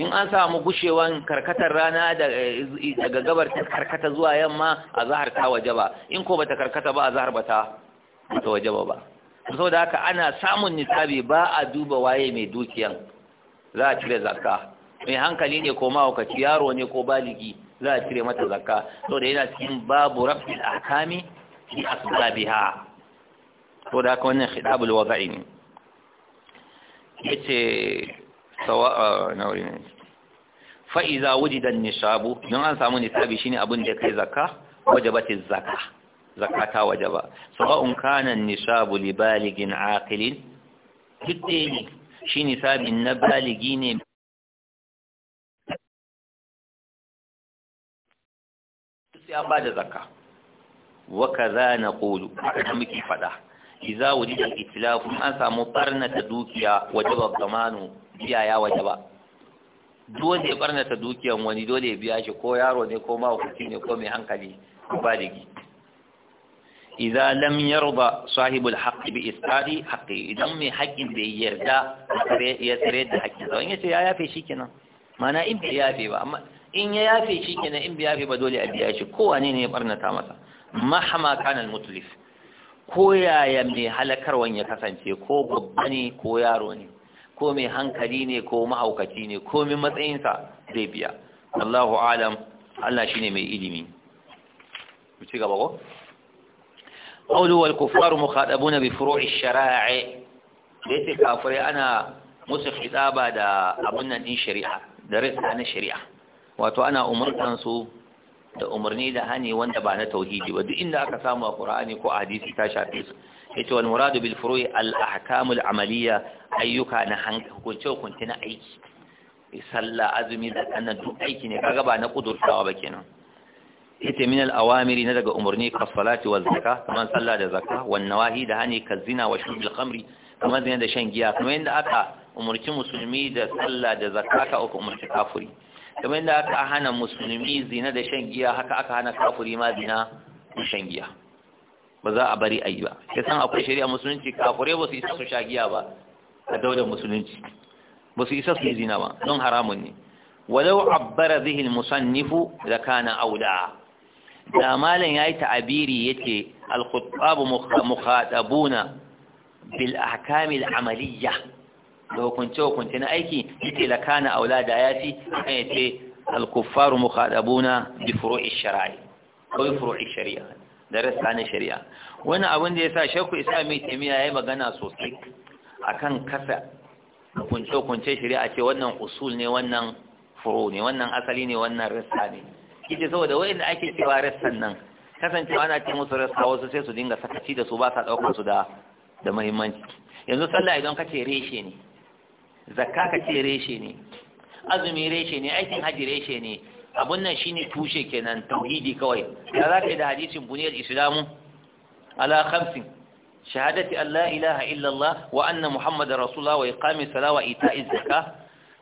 in an samu gushewan karkatar rana eh, daga gabar ta karkata zuwa yamma a zahar ta waje ba in ko bata karkata ba a zahar bata ta waje ba ba da haka ana samun nisabi ba a duba waye mai dukiyan za a cire zakka mai hankali ne ko mahaukaci yaro ne ko baligi za a cire mata zakka da yana cikin babu rafi ahkami fi asbabiha da haka wannan khidabul wada'i ne yace sawa ah, na wuri ne fa iza wujida nishabu don an samu nisabi shine abin da kai waje zakka wajabati ta waje ba. sawa'un kana nishabu li baligin akilin? aqilin kiddeni shi nisabin na baligi ne sai an bada zakka wa kaza naqulu haka muke fada iza wujida al-itlaf an samu barna ta dukiya wajaba zamanu biya ya waje ba dole ya ta dukiyan wani dole ya biya shi ko yaro ne ko mahaukaci ne ko mai hankali ko gi idan lam yarda sahibul haqq bi isqadi haqqi idan mai haƙƙin bai yarda ya tsare da haƙƙin sa yace ya yafe shi kenan mana in bai yafe ba amma in ya yafe shi kenan in bai yafe ba dole a biya shi wane ne ya ta masa mahama kana mutlif ko yaya mai wani ya kasance ko babba ne ko yaro ne ko mai hankali ne ko mahaukaci ne ko mai matsayinsa zai biya Allahu alam Allah shi ne mai ilimi mu ci gaba ko qawlu wal kuffaru mukhadabuna bi kafirai ana musu fitaba da abun nan shari'a da rasa na shari'a wato ana umurtan da umarni da hani wanda ba na tauhidi ba duk inda aka samu a ƙura'ani ko hadisi ta shafi su yace wal muradu bil furu'i al ahkamul amaliya ayyuka na hukunce hukunce na aiki sallah azumi da annan duk aiki ne Ka gaba na kudurtawa ba kenan yace min al awamiri na daga umarni ka salati wa Zaka, kamar sallah da Zaka, wan wahi da hani ka zina wa shurbil khamri kaman zina da shan giya kaman yadda aka umarci musulmi da sallah da Zaka ka aka umarci Kafuri, kamar yadda aka hana musulmi zina da shan giya haka aka hana Kafuri ma zina da shan giya ba za a bari a yi ba ka san akwai shari'a musulunci kafure ba su isa su sha giya ba a daular musulunci ba su isa su yi zina ba don haramun ne walau abbara zihin musannifu da kana auda da malam ya yi ta'abiri ya ce alkhutabu mukhadabuna bil ahkami al'amaliyya da hukunce hukunce na aiki yace ce kana aula da yafi yace al kuffaru mukhadabuna bi furu'i shara'i ko bi furu'i shari'a da rasa na shari'a wani abin da ya sa shakku isa mai taimiyya ya yi magana sosai A kan kasa kunce-kunce shari'a ce wannan usul ne wannan furo ne wannan asali ne wannan rasa ne ita saboda wa'inda ake cewa rasan nan kasancewa ana ce musu rasa wasu sai su dinga sakaci da su ba sa ɗaukar su da muhimmanci yanzu sallah idan ka ce reshe ne zakka ka ce reshe ne azumi reshe ne aikin haji reshe ne abun nan shine tushe kenan tauhidi kawai da za ka da hadisin buniyar islamu ala khamsin shahadati an la ilaha illallah wa anna muhammadar rasulullah wa iqamis sala wa ita'iz zaka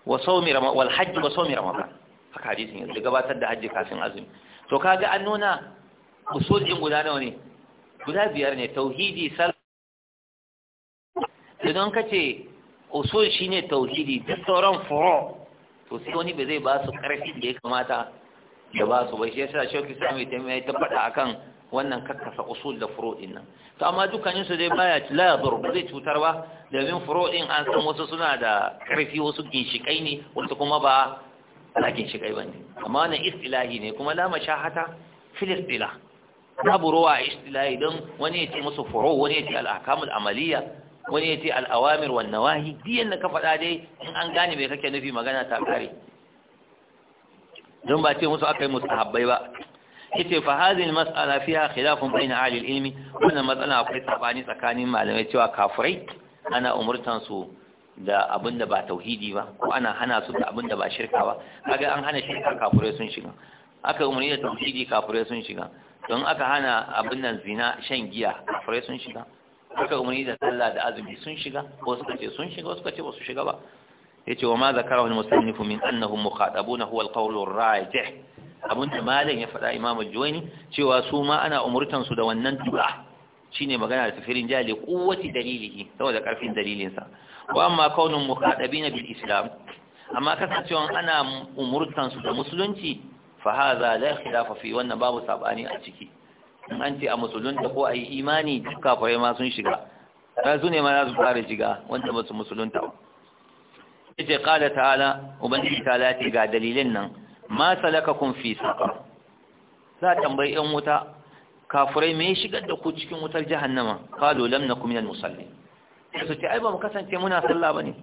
wa sawmi wal hajj wa sawmi ramadan haka hadisin yanzu gabatar da hajji kafin azumi to kaga an nuna usul guda nawa ne guda biyar ne tauhidi sal idan kace usul shine tauhidi da sauran furu to sai wani ba zai ba su ƙarfi da ya kamata da ba su ba shi yasa shauki sami ta mai ta faɗa kan wannan kakasa usul da furoɗin nan to amma dukkaninsu dai baya la yadur ba zai cutar ba domin furoɗin an san wasu suna da ƙarfi wasu ginshiƙai ne wasu kuma ba ala ginshiƙai ba ne amma wannan istilahi ne kuma la mashahata filistila. babu ruwa a istilahi don wani ya ce musu furo wani ya ce al'akamul amaliya wani ya ce al'awamir wa nawahi diyan da ka faɗa dai in an gane mai kake nufi magana ta ƙare. don ba ce musu aka yi musu habbai ba ce fahazin matsala fi ha khilafun bai na alil ilmi wannan matsala akwai sabani tsakanin malamai cewa kafurai ana umurtan su da da ba tauhidi ba ko ana hana su da da ba shirka ba kaga an hana shirka kafurai sun shiga aka yi umarni da tauhidi kafurai sun shiga don aka hana abin nan zina shan giya kafurai sun shiga suka umarni da sallah da azumi sun shiga ko suka ce sun shiga suka ce ba su shiga ba yace wa ma zakarahu al-musannifu min annahum muqatabuna huwa al-qawlu ar-rajih abun da malam ya faɗa imamu juwaini cewa su ma ana umurtan su da wannan du'a shine magana da tafirin jali quwwati dalilihi saboda karfin dalilinsa wa amma kaunun muqatabina bil islam amma kasancewa ana umurtan su da musulunci fa hadha la khilafa fi wannan babu sabani a ciki an ce a musulunta ko a yi imani duk ma sun shiga ta su ne ma za su fara shiga wanda ba su musulunta ba ita kala ta'ala ubangiji ta lati ga dalilin nan ma salaka kun fi saqar za tambayi yan wuta Kafurai me shigar da ku cikin wutar jahannama qalu lam na minal musallin su ce ai ba mu kasance muna sallah ba ne? na miskin. bane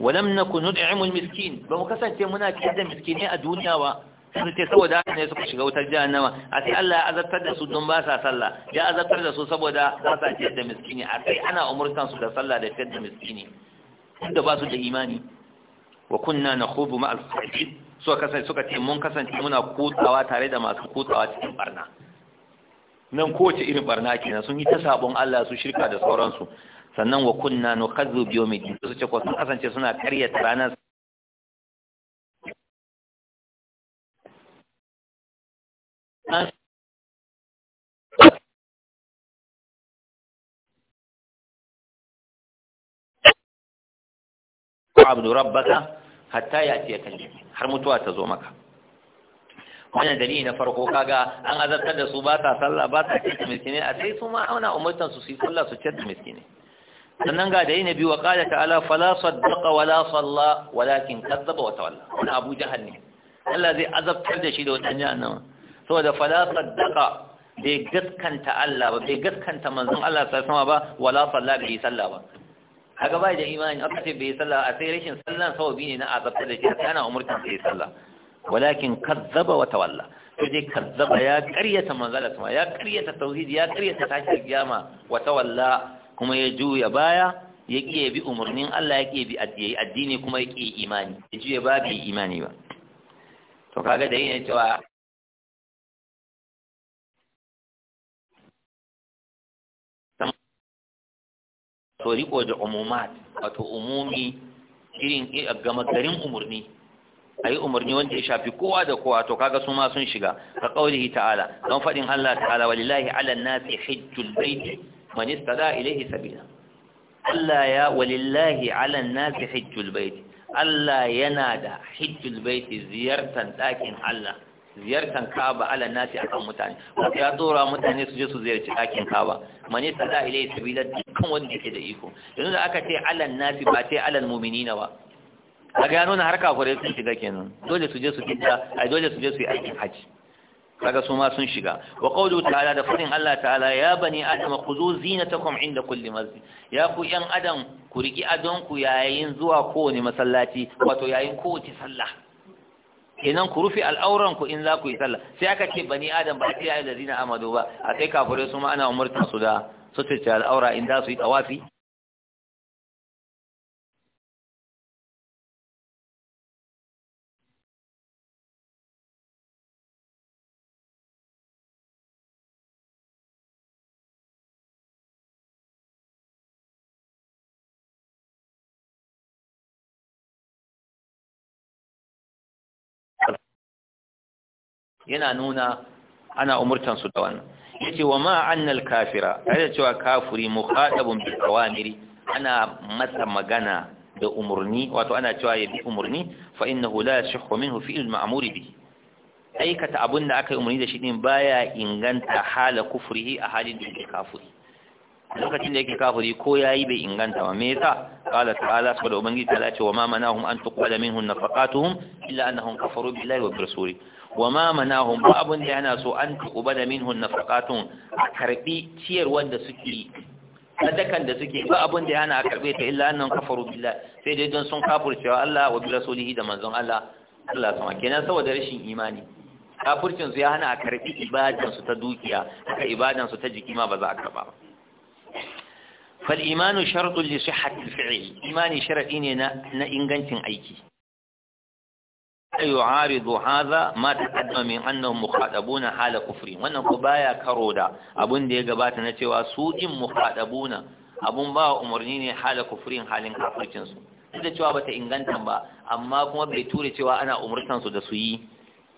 ولم نكن ندعم المسكين بمكسن تمنا a duniya ba? sun ce saboda haka ne suka shiga wutar Nama, a sai Allah ya azabtar da su don ba sa sallah ya azabtar da su saboda ba sa ciyar da miskini a sai ana umurtan su da sallah da ciyar da miskini inda ba su da imani wa kunna na ma al suka kasance suka ce mun kasance muna kutsawa tare da masu kutsawa cikin barna nan kowace irin barna kenan sun yi ta sabon Allah su shirka da sauransu sannan wa kunna biyo mai yawmiddin su ce ko sun kasance suna karyata ranar Huh? abu rabbaka hatta ya ce kalli har mutuwa ta zo maka wannan dalili na farko kaga an azabtar da su ba ta sallah ba ta ce miskine a sai su ma auna umurtan su su yi sallah su ce miskine sannan ga dalili na biyu wa qala ta'ala fala saddaqa wala salla walakin kazzaba wa tawalla wannan abu jahannam Allah zai azabtar da shi da wannan jahannama saboda fala saddaqa bai gaskanta Allah ba bai gaskanta manzon Allah sallallahu alaihi ba wala salla bai salla ba kaga bai da imani aka ce bai salla a sai rashin sallan sawabi ne na azabta da shi ana umurtan bai salla walakin kazzaba wa tawalla to dai kazzaba ya ƙaryata manzon Allah ya karyata tauhidi ya karyata tashi kiyama wa tawalla kuma ya juya baya ya ƙi bi umarnin Allah ya ƙi bi addini kuma ya ƙi imani ya juya ba bi imani ba to kaga da yin cewa to riko da umumat wato umumi irin gama garin umurni a yi umarni wanda ya shafi kowa da kowa to kaga su ma sun shiga ka kaulihi ta'ala don faɗin Allah ta'ala walillahi ala nasi hajjul baiti man istada ilayhi sabila Allah ya walillahi ala nasi hajjul baiti Allah yana da hajjul baiti ziyartan ɗakin Allah Ziyartar Kaaba ala nasi akan mutane wasu ya tsora mutane su je su ziyarci ɗakin Kaaba mani sada ilai sabila dukkan wanda yake da iko yanzu da aka ce ala nasi ba ce ala mu'minina ba kaga ya nuna har kafirai sun shiga kenan dole su je su fita ai dole su je su yi aikin hajji kaga su ma sun shiga wa qawlu ta'ala da fadin Allah ta'ala ya bani adam khuzu zinatakum inda kulli masjid ya ku yan adam ku riki adon ku yayin zuwa kowane masallaci wato yayin kowace sallah kenan ku rufe al'auran ku in za ku yi sallah sai aka ce bani adam ba sai da zina amadu ba a sai kafirai su ma ana umurta su da su tace al'aura in za su yi tawafi yana nuna ana umurtan su da wannan yace wa ma annal kafira ai cewa kafiri muqaddabun bil awamiri ana masa magana da umurni wato ana cewa ya bi umurni fa innahu la yashhu minhu al-ma'mur bi aikata abun da aka yi umurni da shi din baya inganta hala kufrihi a halin da yake kafuri, lokacin da yake kafuri ko yayi bai inganta ba me yasa qala ta'ala saboda ubangiji ta ce wa ma manahum an tuqbala minhum nafaqatuhum illa annahum kafaru billahi wa bi rasulihi wa ma manahum ba abun da yana so an da minhun nafaqatun a karbi ciyar wanda suke sadakan da suke ba abun da yana a karbe ta illa annan kafaru billah sai dai don sun kafurcewa Allah wa bi rasulihi da manzon Allah Allah sama kenan saboda rashin imani kafurcin su ya hana a karbi ibadan su ta dukiya haka ibadan su ta jiki ma ba za a karba ba fal imanu shartun li sihhati al-fi'l imani sharadi ne na ingancin aiki yu'aridu hadha ma taqaddama min annahum muqadabuna hala kufri wannan ko baya karo da abun da ya gabata na cewa su din muqadabuna abun ba umarni ne hala kufrin halin kafircin su da cewa bata inganta ba amma kuma bai tura cewa ana umurtan su da su yi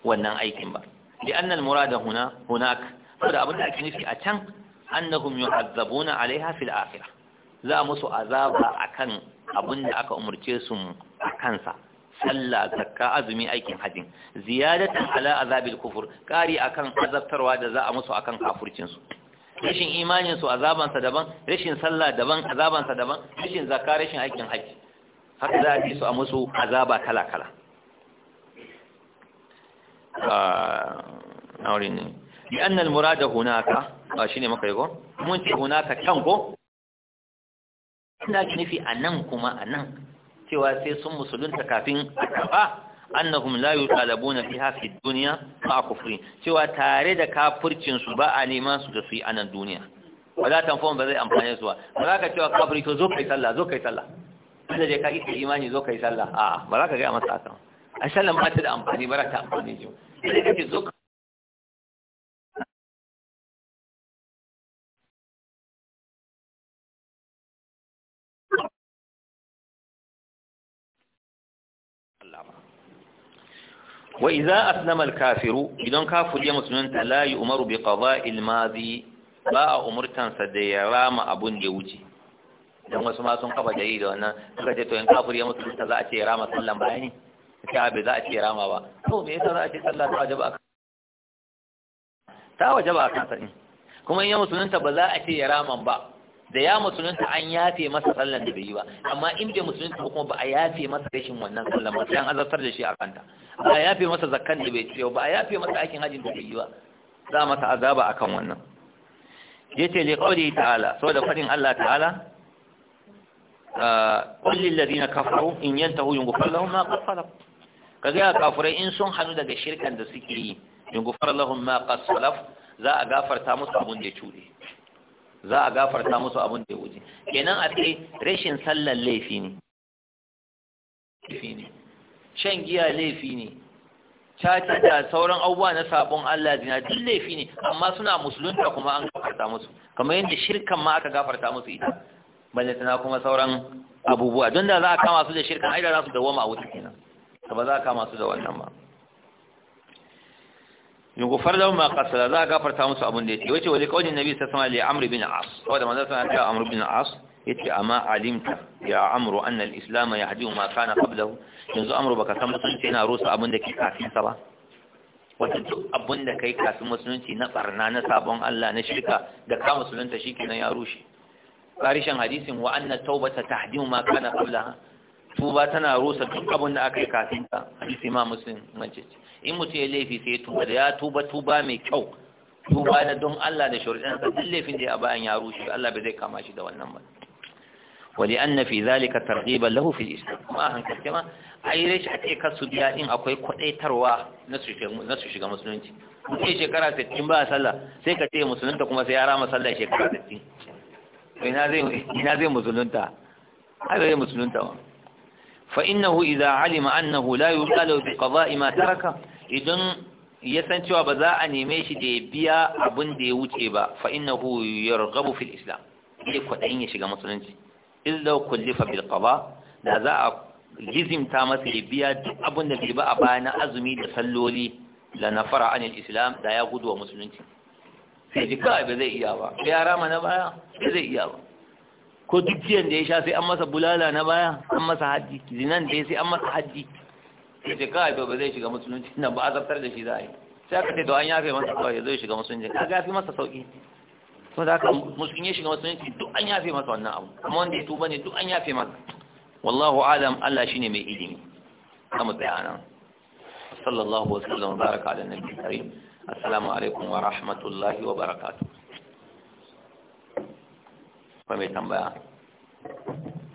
wannan aikin ba li anna al murada huna abin da ake nufi a can annahum yu'azzabuna alaiha fil akhirah za musu azaba akan abin da aka umarce su a kansa sallah zakka azumi aikin hajji ziyadatan ala azabil kufur kari akan azabtarwa da za a musu akan kafurcin su rashin imanin su azaban sa daban rashin sallah daban azaban sa daban rashin zakka rashin aikin hajji haka za a ji su a musu azaba kala kala a ah, wurin ne bi annal murada hunaka ba ah, shine maka yi ko mun ce hunaka kan ko ina nufi a nan kuma a nan cewa sai sun musulunta kafin kafa annahum la yutalabuna fiha fi dunya ma kufri cewa tare da kafircin su ba a neman su da su yi anan duniya ba za ta ba zai amfane su ba ba za ka cewa kafiri to zo kai sallah zo kai sallah wanda je ka isa imani zo kai sallah a ba za ka ga masa haka a sallan ba ta da amfani ba za ta amfani ji sai ka ce zo ka wa iza aslama alkafiru kafiru idan kafuri ya musulunta la yu'maru bi qada'il madi ba a umurtansa da ya rama abun da ya wuce dan wasu ma sun kafa dalili da wannan suka ce to in kafiri ya musulunta za a ce ya rama sallan bayani ce bai za a ce ya rama ba to me yasa za a ce sallah ta wajaba ta wajaba a kansa sani. kuma in ya musulunta ba za a ce ya raman ba da ya musulunta an yafe masa sallan da bai yi ba amma in bai musulunta kuma ba a yafe masa rashin wannan sallan ba sai an da shi a kanta ba a yafe masa zakkan da bai ciyo ba a yafe masa aikin haji da bai yi ba za masa azaba akan wannan yace li qawli ta'ala saboda fadin Allah ta'ala ah, qul lil ladina kafaru in yantahu yughfar lahum ma qad salaf kaga kafirai in sun hanu daga shirkan da suke yi yughfar lahum ma qad salaf za a gafarta musu abun da ya cuɗe za a gafarta musu abin da ya wuce kenan a ce rashin sallar laifi ne laifi ne shan giya laifi ne caci da sauran abubuwa na sabon Allah zina duk laifi ne amma suna musulunta kuma an gafarta musu kamar yadda shirkan ma aka gafarta musu ita balle tana kuma sauran abubuwa don da za a kama su da shirkan ai za su dawoma a wuce kenan ba za a kama su da wannan ba yughfar lahum ma qasala za a gafarta musu abin da yake wace wani kaulin nabi ta alaihi wasallam li bin as wanda manzo sallallahu alaihi wasallam amr bin as Ya ce amma alimta ya amru annal al ya yahdi ma kana qablahu yanzu amru baka san musulunci yana rusa abin da ke kafin sa ba wata duk abin da kai kafin musulunci na barna na sabon Allah na shirka da ka musulunta shikenan ya rushe karishin hadisin wa taubata ta tahdimu ma kana qablaha tuba tana rusa duk abin da aka yi kafin ta hadisi ma muslim mace in mutum ya laifi sai tuba da ya tuba tuba mai kyau tuba na don Allah da shari'an sa duk laifin da ya bayan ya rushe Allah bai zai kama shi da wannan ba wali anna fi zalika targhiban lahu fil islam ma hankalta ma ai rashi ake kasu biya din akwai kwadaitarwa na su shiga na su shiga musulunci mutum shekara 60 ba sallah sai ka ce musulunta kuma sai ya rama sallah shekara 60 ina zai ina zai musulunta ai bai musulunta ba فإنه إذا علم أنه لا يقال بقضاء ما ترك إذن يسنتوا بذا أن يميش دي بيا أبن دي وتيبا فإنه يرغب في الإسلام يكو أين يشيغ مسلنجي إذ لو كلف بالقضاء da za a gizimta masa ya biya duk da bai ba a baya na azumi da salloli da na fara anil islam da ya gudu wa musulunci sai ji kawai zai iya ba na baya zai iya ba ko duk jiyan da ya sha sai an masa bulala na baya an masa haji zinan da ya sai an masa haji sai ce kawai ba zai shiga musulunci *laughs* nan ba azabtar da shi za a yi sai aka ce to an yafe masa kawai ya zo shiga musulunci ka ga fi masa sauki to da haka musulun ya shiga musulunci duk an yafe masa wannan abu kuma wanda ya tuba ne duk an yafe masa wallahu alam Allah shine mai ilimi kama tsaya nan sallallahu alaihi wa baraka ala nabiyyi karim assalamu alaikum wa rahmatullahi wa barakatuh akwai mai tambaya